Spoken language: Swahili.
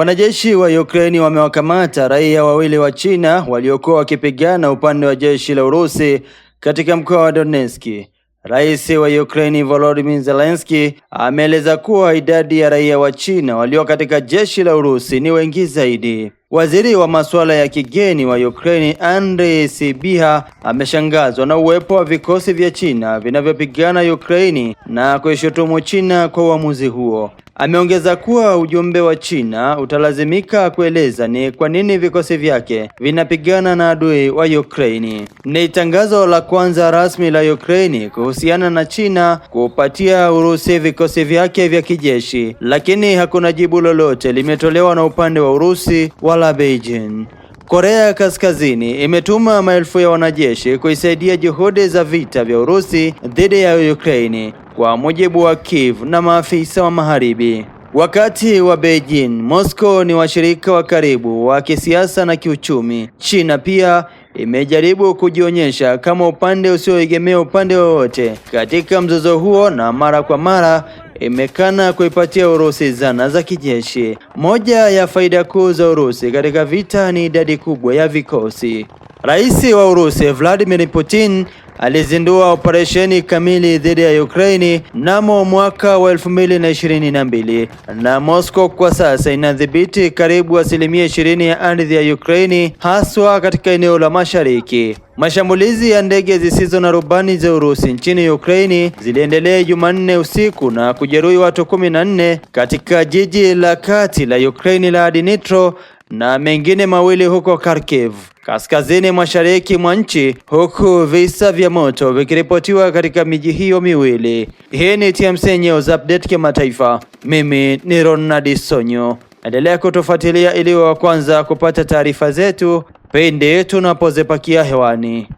Wanajeshi wa Ukraini wamewakamata raia wawili wa China waliokuwa wakipigana upande wa jeshi la Urusi katika mkoa wa Donetsk. Rais wa Ukraini Volodymyr Zelensky ameeleza kuwa idadi ya raia wa China walio katika jeshi la Urusi ni wengi zaidi. Waziri wa masuala ya kigeni wa Ukraine Andrei Sibiha ameshangazwa na uwepo wa vikosi vya China vinavyopigana Ukraini na kuishutumu China kwa uamuzi huo. Ameongeza kuwa ujumbe wa China utalazimika kueleza ni kwa nini vikosi vyake vinapigana na adui wa Ukraini. Ni tangazo la kwanza rasmi la Ukraini kuhusiana na China kupatia Urusi vikosi vyake vya kijeshi, lakini hakuna jibu lolote limetolewa na upande wa Urusi wala la Beijing. Korea ya Kaskazini imetuma maelfu ya wanajeshi kuisaidia juhudi za vita vya Urusi dhidi ya Ukraini kwa mujibu wa Kiev na maafisa wa Magharibi. Wakati wa Beijing, Moscow ni washirika wa karibu wa kisiasa na kiuchumi. China pia imejaribu kujionyesha kama upande usioegemea upande wowote katika mzozo huo, na mara kwa mara imekana kuipatia Urusi zana za kijeshi. Moja ya faida kuu za Urusi katika vita ni idadi kubwa ya vikosi. Rais wa Urusi Vladimir Putin alizindua operesheni kamili dhidi ya Ukraini mnamo mwaka wa 2022 na Moscow kwa sasa inadhibiti karibu asilimia 20 ya ardhi ya Ukraini haswa katika eneo la mashariki. Mashambulizi ya ndege zisizo na rubani za Urusi nchini Ukraini ziliendelea Jumanne usiku na kujeruhi watu kumi na nne katika jiji la kati la Ukraini la Dnipro na mengine mawili huko Kharkiv kaskazini mashariki mwa nchi, huku visa vya moto vikiripotiwa katika miji hiyo miwili. Hii ni TMC News Update kimataifa. Mimi ni Ronald Sonyo, endelea kutufuatilia ili wa kwanza kupata taarifa zetu pende tunapozipakia hewani.